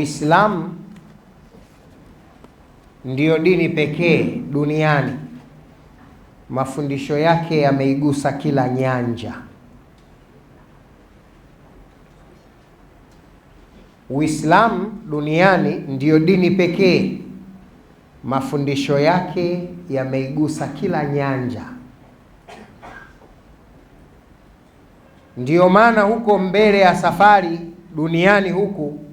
Uislamu ndiyo dini pekee duniani mafundisho yake yameigusa kila nyanja. Uislamu duniani ndiyo dini pekee mafundisho yake yameigusa kila nyanja. Ndiyo maana huko mbele ya safari duniani huku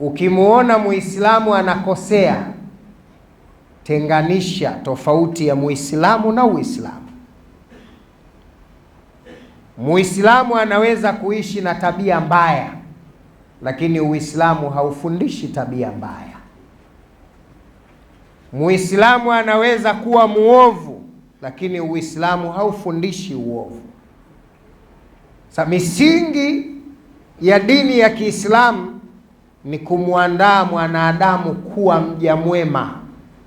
Ukimwona Muislamu anakosea, tenganisha tofauti ya Muislamu na Uislamu. Muislamu anaweza kuishi na tabia mbaya, lakini Uislamu haufundishi tabia mbaya. Muislamu anaweza kuwa muovu, lakini Uislamu haufundishi uovu. Sa misingi ya dini ya Kiislamu ni kumwandaa mwanadamu kuwa mja mwema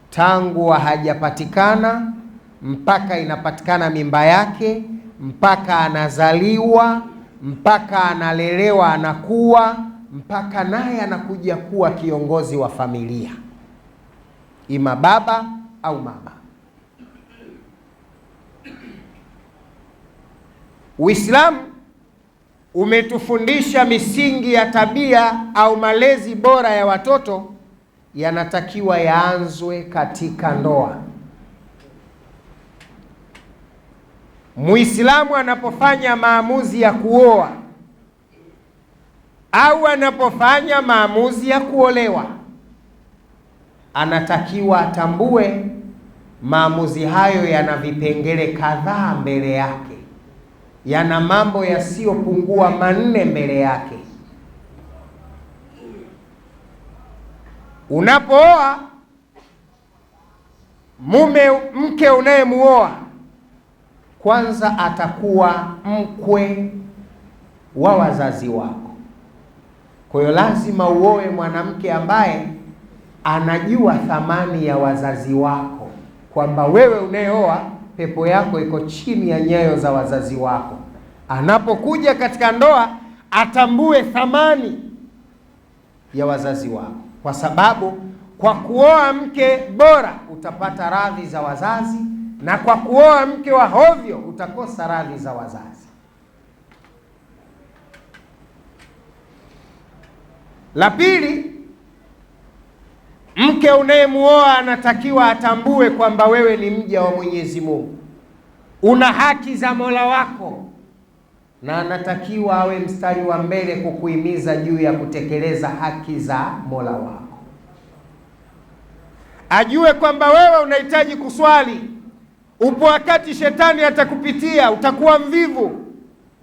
tangu hajapatikana mpaka inapatikana mimba yake mpaka anazaliwa mpaka analelewa, anakuwa mpaka naye anakuja kuwa kiongozi wa familia, ima baba au mama. Uislamu umetufundisha misingi ya tabia au malezi bora ya watoto yanatakiwa yaanzwe katika ndoa. Muislamu anapofanya maamuzi ya kuoa au anapofanya maamuzi ya kuolewa, anatakiwa atambue maamuzi hayo yana vipengele kadhaa mbele yake yana mambo yasiyopungua manne mbele yake. Unapooa mume mke unayemuoa kwanza, atakuwa mkwe wa wazazi wako. Kwa hiyo lazima uoe mwanamke ambaye anajua thamani ya wazazi wako, kwamba wewe unayeoa pepo yako iko chini ya nyayo za wazazi wako. Anapokuja katika ndoa, atambue thamani ya wazazi wako, kwa sababu kwa kuoa mke bora utapata radhi za wazazi, na kwa kuoa mke wa hovyo utakosa radhi za wazazi. La pili Mke unayemuoa anatakiwa atambue kwamba wewe ni mja wa Mwenyezi Mungu, una haki za Mola wako, na anatakiwa awe mstari wa mbele kukuhimiza juu ya kutekeleza haki za Mola wako. Ajue kwamba wewe unahitaji kuswali. Upo wakati shetani atakupitia, utakuwa mvivu.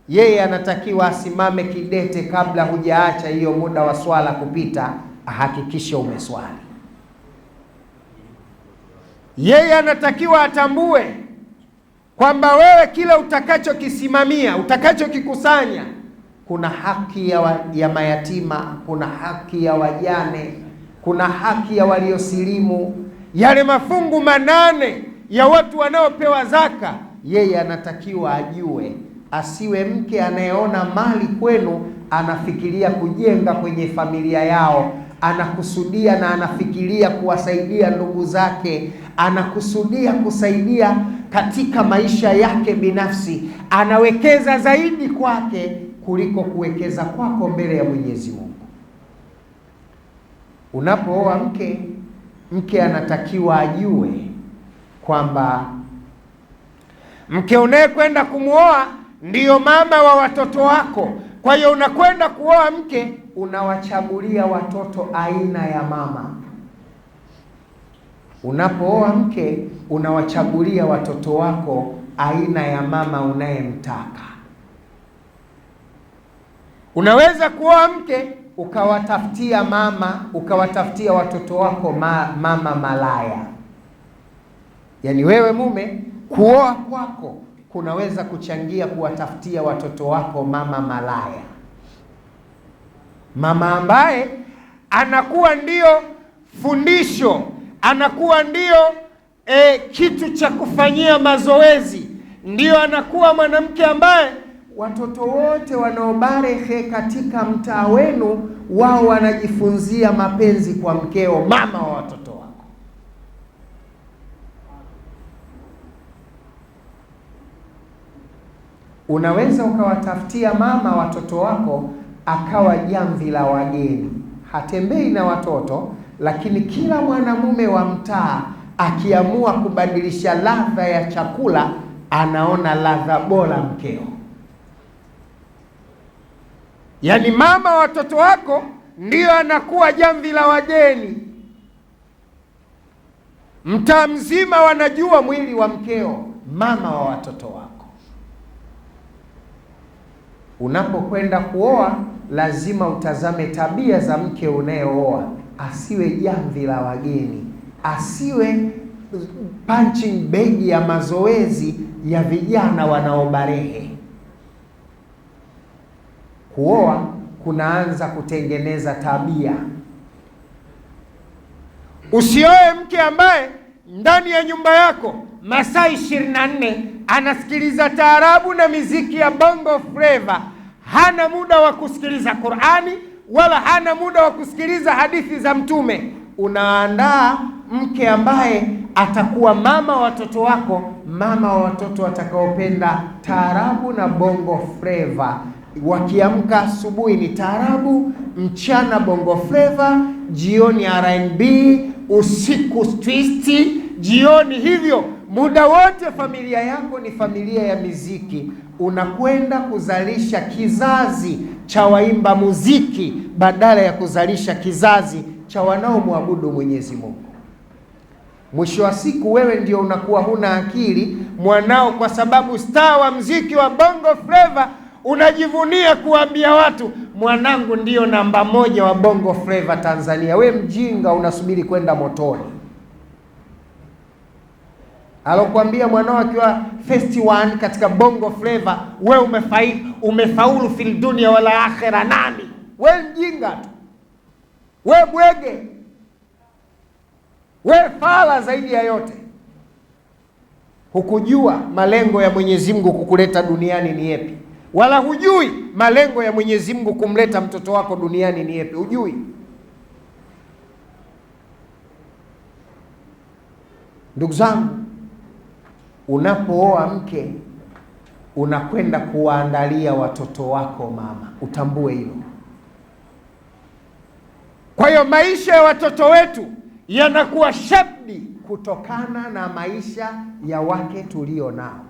Yeye anatakiwa asimame kidete, kabla hujaacha hiyo muda wa swala kupita, ahakikishe umeswali yeye anatakiwa atambue kwamba wewe kila utakachokisimamia, utakachokikusanya, kuna haki ya, wa, ya mayatima, kuna haki ya wajane, kuna haki ya waliosilimu. Yale mafungu manane ya watu wanaopewa zaka, yeye anatakiwa ajue, asiwe mke anayeona mali kwenu anafikiria kujenga kwenye familia yao anakusudia na anafikiria kuwasaidia ndugu zake, anakusudia kusaidia katika maisha yake binafsi, anawekeza zaidi kwake kuliko kuwekeza kwako mbele ya Mwenyezi Mungu. Unapooa mke, mke anatakiwa ajue kwamba mke unayekwenda kumwoa ndiyo mama wa watoto wako. Kwa hiyo unakwenda kuoa mke unawachagulia watoto aina ya mama. Unapooa mke, unawachagulia watoto wako aina ya mama unayemtaka. Unaweza kuoa mke ukawatafutia mama, ukawatafutia watoto wako ma, mama malaya. Yaani wewe mume kuoa kwako kunaweza kuchangia kuwatafutia watoto wako mama malaya mama ambaye anakuwa ndio fundisho, anakuwa ndio e, kitu cha kufanyia mazoezi, ndio anakuwa mwanamke ambaye watoto wote wanaobarehe katika mtaa wenu wao wanajifunzia mapenzi kwa mkeo, mama wa watoto wako. Unaweza ukawatafutia mama watoto wako akawa jamvi la wageni, hatembei na watoto, lakini kila mwanamume wa mtaa akiamua kubadilisha ladha ya chakula anaona ladha bora mkeo. Yaani mama watoto wako ndiyo anakuwa jamvi la wageni, mtaa mzima wanajua mwili wa mkeo, mama wa watoto wako. Unapokwenda kuoa lazima utazame tabia za mke unayeoa, asiwe jamvi la wageni, asiwe punching bag ya mazoezi ya vijana wanaobarehe. Kuoa kunaanza kutengeneza tabia. Usioe mke ambaye ndani ya nyumba yako masaa 24 anasikiliza taarabu na miziki ya bongo flava hana muda wa kusikiliza Qur'ani wala hana muda wa kusikiliza hadithi za Mtume. Unaandaa mke ambaye atakuwa mama watoto wako, mama wa watoto watakaopenda taarabu na bongo fleva. Wakiamka asubuhi ni taarabu, mchana bongo fleva, jioni R&B, usiku twist, jioni hivyo Muda wote familia yako ni familia ya miziki, unakwenda kuzalisha kizazi cha waimba muziki badala ya kuzalisha kizazi cha wanaomwabudu Mwenyezi Mungu. Mwisho wa siku wewe ndio unakuwa huna akili mwanao, kwa sababu staa wa mziki wa Bongo fleva unajivunia kuambia watu mwanangu ndiyo namba moja wa Bongo fleva Tanzania. We mjinga, unasubiri kwenda motoni alokuambia mwanao akiwa first one katika bongo flavor, we umefai, umefaulu fil dunia wala akhera. Nani we mjinga tu, we bwege, we fala. Zaidi ya yote hukujua malengo ya Mwenyezi Mungu kukuleta duniani ni yepi, wala hujui malengo ya Mwenyezi Mungu kumleta mtoto wako duniani ni yepi, hujui ndugu zangu unapooa mke unakwenda kuwaandalia watoto wako mama, utambue hilo. Kwa hiyo maisha ya watoto wetu yanakuwa shepdi kutokana na maisha ya wake tulio nao.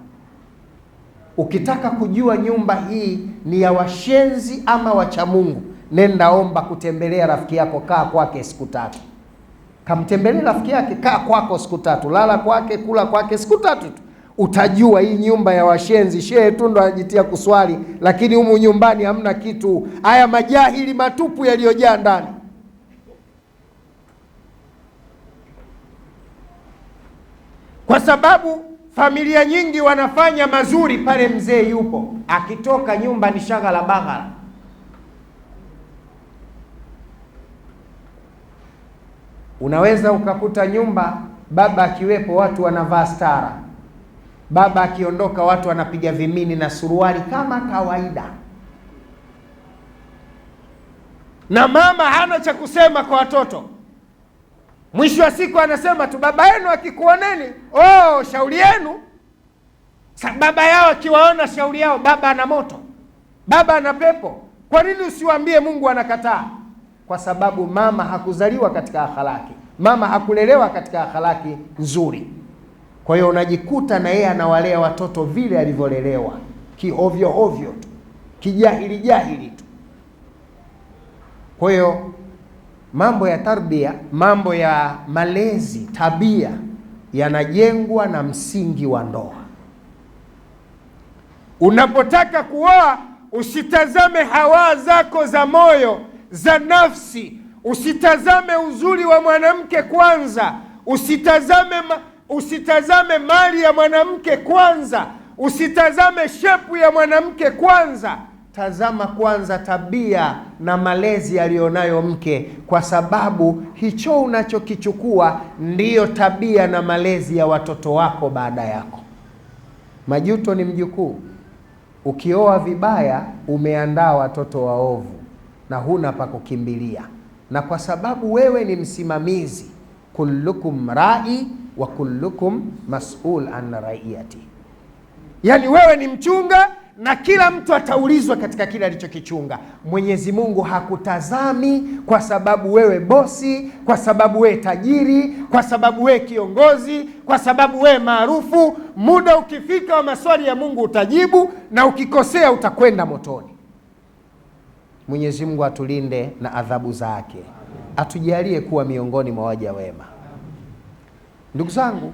Ukitaka kujua nyumba hii ni ya washenzi ama wachamungu, nenda omba kutembelea rafiki yako, kaa kwake siku tatu, kamtembelee rafiki yake, kaa kwako siku tatu, lala kwake, kula kwake siku tatu tu utajua hii nyumba ya washenzi. Shehe tu ndo anajitia kuswali, lakini humu nyumbani hamna kitu. Haya majahili matupu yaliyojaa ndani. Kwa sababu familia nyingi wanafanya mazuri pale mzee yupo, akitoka nyumba ni shaghala baghala. Unaweza ukakuta nyumba baba akiwepo, watu wanavaa stara Baba akiondoka, watu wanapiga vimini na suruali kama kawaida, na mama hana cha kusema kwa watoto. Mwisho wa siku anasema tu, baba yenu akikuoneni, oh, shauri yenu. Baba yao akiwaona, shauri yao, baba ana moto, baba ana pepo. Kwa nini usiwaambie? Mungu anakataa, kwa sababu mama hakuzaliwa katika akhlaki, mama hakulelewa katika akhlaki nzuri. Kwa hiyo unajikuta na yeye anawalea watoto vile alivyolelewa, kiovyo ovyo tu, kijahili jahili tu. Kwa hiyo mambo ya tarbia, mambo ya malezi, tabia yanajengwa na msingi wa ndoa. Unapotaka kuoa usitazame hawaa zako za moyo za nafsi, usitazame uzuri wa mwanamke kwanza, usitazame ma Usitazame mali ya mwanamke kwanza, usitazame shepu ya mwanamke kwanza. Tazama kwanza tabia na malezi aliyonayo mke, kwa sababu hicho unachokichukua ndiyo tabia na malezi ya watoto wako baada yako. Majuto ni mjukuu. Ukioa vibaya, umeandaa watoto waovu na huna pa kukimbilia. Na kwa sababu wewe ni msimamizi, kullukum rai wa kullukum mas'ul an raiyati, yani wewe ni mchunga na kila mtu ataulizwa katika kile alichokichunga. Mwenyezi Mungu hakutazami kwa sababu wewe bosi, kwa sababu wewe tajiri, kwa sababu wewe kiongozi, kwa sababu wewe maarufu. Muda ukifika wa maswali ya Mungu utajibu, na ukikosea utakwenda motoni. Mwenyezi Mungu atulinde na adhabu zake, atujalie kuwa miongoni mwa waja wema. Ndugu zangu,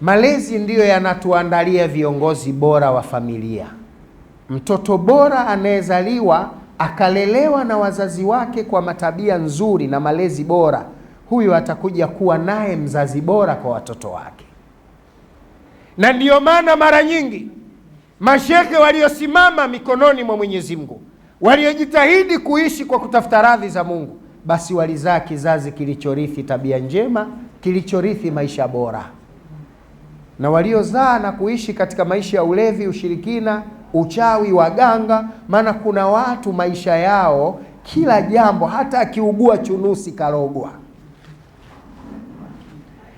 malezi ndiyo yanatuandalia viongozi bora wa familia. Mtoto bora anayezaliwa akalelewa na wazazi wake kwa matabia nzuri na malezi bora, huyo atakuja kuwa naye mzazi bora kwa watoto wake. Na ndiyo maana mara nyingi mashehe waliosimama mikononi mwa Mwenyezi Mungu, waliojitahidi kuishi kwa kutafuta radhi za Mungu basi walizaa kizazi kilichorithi tabia njema, kilichorithi maisha bora. Na waliozaa na kuishi katika maisha ya ulevi, ushirikina, uchawi, waganga. Maana kuna watu maisha yao kila jambo, hata akiugua chunusi karogwa.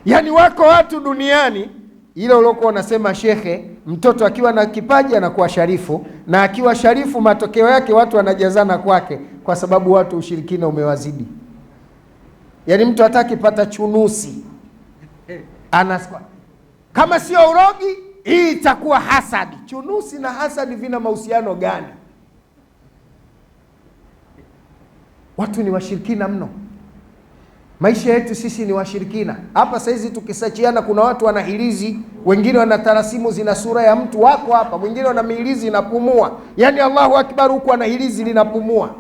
Yaani wako watu duniani ile uliokuwa unasema shekhe, mtoto akiwa na kipaji anakuwa sharifu, na akiwa sharifu matokeo yake watu wanajazana kwake, kwa sababu watu ushirikina umewazidi. Yaani mtu hataki pata chunusi anaskwa, kama sio urogi, hii itakuwa hasadi. Chunusi na hasadi vina mahusiano gani? Watu ni washirikina mno. Maisha yetu sisi ni washirikina. Hapa saizi tukisachiana, kuna watu wana hirizi, wengine wana tarasimu zina sura ya mtu wako hapa, mwingine wana miilizi inapumua, yaani Allahu akbar, huku ana hirizi linapumua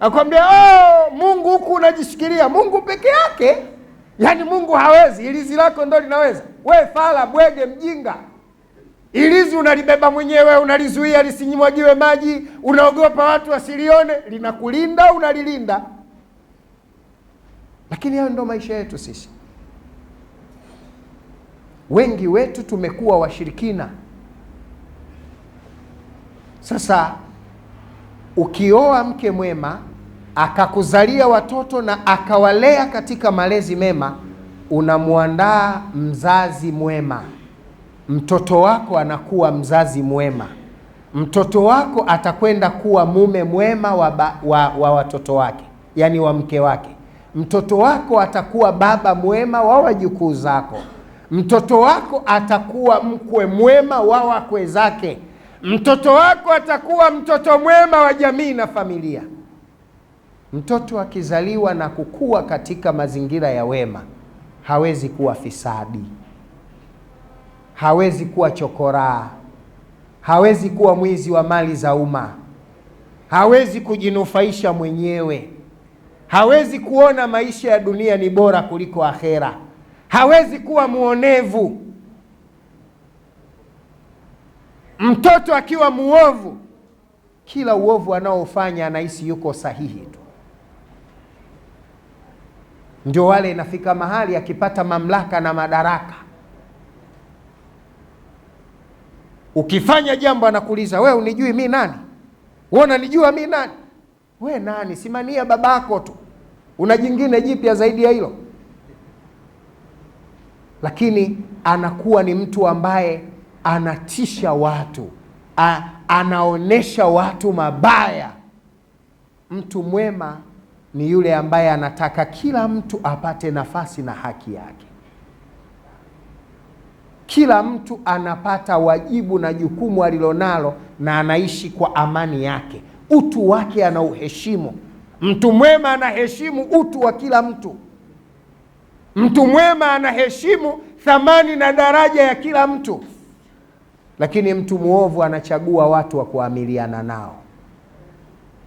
akwambia oh, Mungu huku unajishikilia Mungu peke yake, yaani Mungu hawezi, ilizi lako ndo linaweza. We fala bwege, mjinga, ilizi unalibeba mwenyewe, unalizuia lisinyimwagiwe maji, unaogopa watu wasilione, linakulinda unalilinda. Lakini hayo ndo maisha yetu sisi. Wengi wetu tumekuwa washirikina. Sasa ukioa mke mwema akakuzalia watoto na akawalea katika malezi mema, unamwandaa mzazi mwema. Mtoto wako anakuwa mzazi mwema, mtoto wako atakwenda kuwa mume mwema wa, ba, wa, wa watoto wake, yaani wa mke wake. Mtoto wako atakuwa baba mwema wa wajukuu zako. Mtoto wako atakuwa mkwe mwema wa wakwe zake. Mtoto wako atakuwa mtoto mwema wa jamii na familia. Mtoto akizaliwa na kukua katika mazingira ya wema hawezi kuwa fisadi, hawezi kuwa chokoraa, hawezi kuwa mwizi wa mali za umma, hawezi kujinufaisha mwenyewe, hawezi kuona maisha ya dunia ni bora kuliko akhera, hawezi kuwa mwonevu. Mtoto akiwa muovu, kila uovu anaofanya anahisi yuko sahihi tu ndio wale inafika mahali akipata mamlaka na madaraka, ukifanya jambo anakuuliza we, unijui mi nani? Wewe unanijua mi nani? We nani? simania babako tu, una jingine jipya zaidi ya hilo? Lakini anakuwa ni mtu ambaye anatisha watu, anaonyesha watu mabaya. Mtu mwema ni yule ambaye anataka kila mtu apate nafasi na haki yake. Kila mtu anapata wajibu na jukumu alilonalo na anaishi kwa amani yake, utu wake anauheshimu. Mtu mwema anaheshimu utu wa kila mtu. Mtu mwema anaheshimu thamani na daraja ya kila mtu, lakini mtu mwovu anachagua watu wa kuamiliana nao.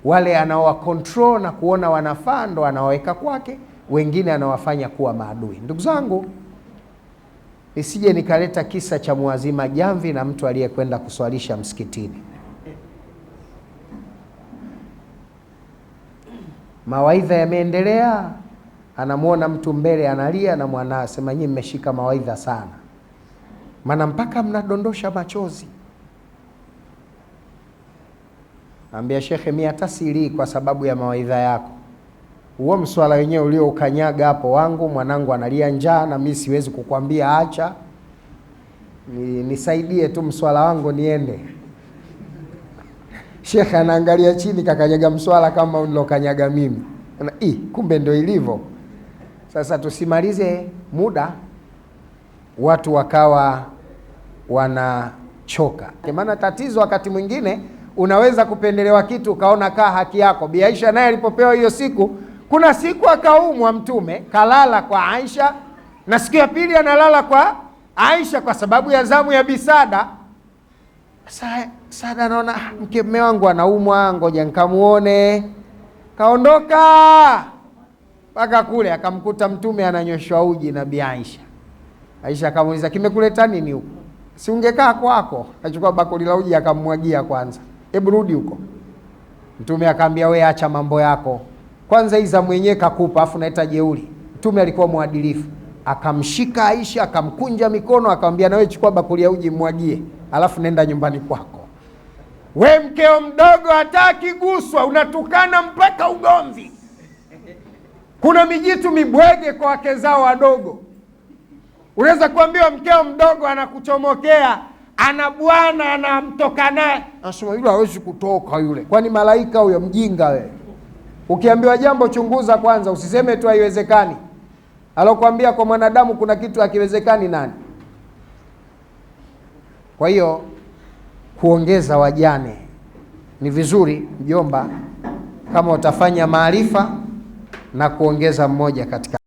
Wale anaowakontrol na kuona wanafaa ndo anawaweka kwake, wengine anawafanya kuwa maadui. Ndugu zangu, nisije nikaleta kisa cha mwazima jamvi na mtu aliyekwenda kuswalisha msikitini. Mawaidha yameendelea, anamwona mtu mbele analia, na mwanasema nyinyi mmeshika mawaidha sana, maana mpaka mnadondosha machozi. Ambia shekhe, mimi hata kwa sababu ya mawaidha yako. Huo mswala wenyewe ulioukanyaga hapo wangu, mwanangu analia njaa na mi siwezi kukwambia acha. nisaidie tu mswala wangu niende. Shekhe anaangalia chini kakanyaga mswala kama nilokanyaga mimi. Na, i, kumbe ndo ilivyo. Sasa tusimalize muda watu wakawa wanachoka. Maana tatizo wakati mwingine unaweza kupendelewa kitu ukaona kaa haki yako. Bi Aisha naye alipopewa hiyo siku, kuna siku akaumwa Mtume kalala kwa Aisha na siku ya pili analala kwa Aisha kwa sababu ya zamu ya bisada. Sasa Sada anaona ah, mke mme wangu anaumwa, ngoja nikamuone. Kaondoka mpaka kule akamkuta Mtume ananyoshwa uji na Bi Aisha. Aisha akamuuliza, kimekuleta nini huko? si ungekaa kwako? Akachukua bakuli la uji akamwagia kwanza hebu rudi huko. Mtume akaambia, we acha mambo yako kwanza, iza za mwenyewe kakupa, afu naita jeuri. Mtume alikuwa mwadilifu, akamshika Aisha akamkunja mikono akamwambia, nawe chukua bakuli ya uji mwagie, alafu nenda nyumbani kwako. We mkeo mdogo hataki guswa, unatukana mpaka ugomvi. Kuna mijitu mibwege kwa wake zao wadogo, unaweza kuambiwa mkeo mdogo anakuchomokea ana bwana anamtoka naye, anasema yule hawezi kutoka yule. Kwani malaika huyo? Mjinga wewe! Ukiambiwa jambo chunguza kwanza, usiseme tu haiwezekani. Alokuambia kwa mwanadamu kuna kitu hakiwezekani nani? Kwa hiyo kuongeza wajane ni vizuri, mjomba, kama utafanya maarifa na kuongeza mmoja katika